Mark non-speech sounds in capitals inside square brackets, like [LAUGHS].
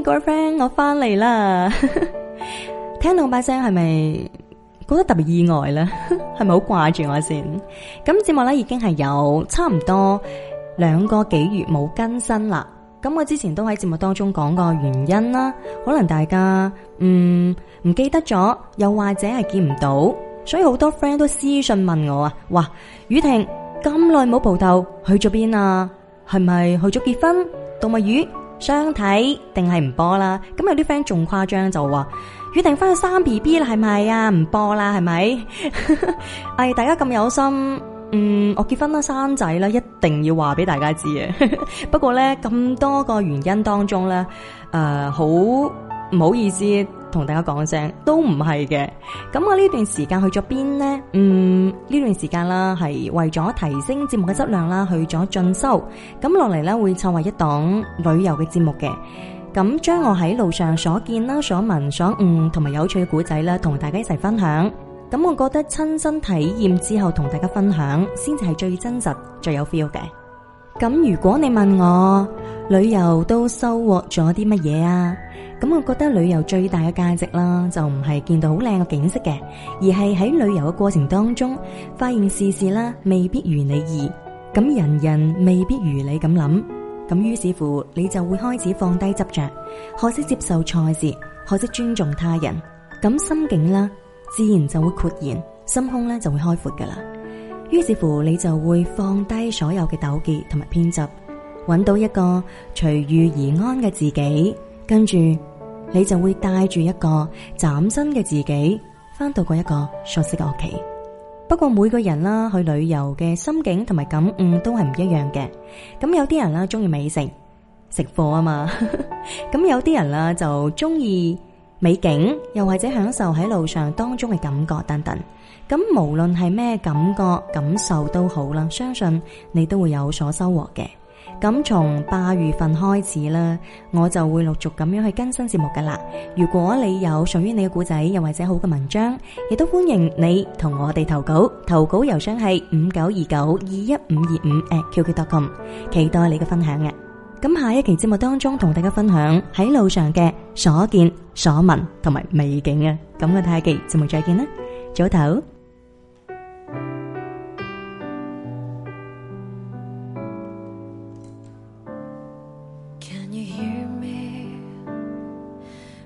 各位，hey, friend，我翻嚟啦！ [LAUGHS] 聽到把聲係咪覺得特別意外咧？係咪好掛住我先？咁節目咧已經係有差唔多兩個幾月冇更新啦。咁我之前都喺節目當中講過原因啦，可能大家嗯唔記得咗，又或者係見唔到，所以好多 friend 都私信問我啊，哇！雨婷咁耐冇蒲頭，去咗邊啊？係咪去咗結婚？動物魚？相睇定係唔播啦？咁有啲 friend 仲誇張就話預定翻去生 B B 啦，係咪啊？唔播啦，係咪？ [MUSIC] 唉，大家咁有心，嗯，我結婚啦，生仔啦，一定要話俾大家知啊。 [LAUGHS] 不過咧，咁多個原因當中咧，誒、呃，好唔好意思。同大家講聲，都唔係嘅。咁我呢段時間去咗邊呢？嗯，呢段時間啦，係為咗提升節目嘅質量啦，去咗進修。咁落嚟咧，會策劃一檔旅遊嘅節目嘅。咁將我喺路上所見啦、所聞、所悟同埋有趣嘅古仔啦，同大家一齊分享。咁我覺得親身體驗之後，同大家分享，先至係最真實、最有 feel 嘅。咁如果你問我，旅遊都收穫咗啲乜嘢啊？咁我覺得旅遊最大嘅價值啦，就唔係見到好靚嘅景色嘅，而係喺旅遊嘅過程當中發現事事啦未必如你意，咁人人未必如你咁諗，咁於是乎你就會開始放低執着，學識接受挫折，學識尊重他人，咁心境啦自然就會豁然，心胸咧就會開闊噶啦，於是乎你就會放低所有嘅糾結同埋偏執。揾到一個隨遇而安嘅自己，跟住你就會帶住一個嶄新嘅自己翻到嗰一個熟悉嘅屋企。不過每個人啦去旅遊嘅心境同埋感悟都係唔一樣嘅。咁有啲人啦中意美食食貨啊嘛，咁 [LAUGHS] 有啲人啦就中意美景，又或者享受喺路上當中嘅感覺等等。咁無論係咩感覺感受都好啦，相信你都會有所收穫嘅。咁從八月份開始啦，我就會陸續咁樣去更新節目噶啦。如果你有屬於你嘅故仔，又或者好嘅文章，亦都歡迎你同我哋投稿。投稿郵箱係五九二九二一五二五 @qq.com，期待你嘅分享啊！咁下一期節目當中，同大家分享喺路上嘅所見所聞同埋美景啊！咁嘅太極，節目再見啦，早唞。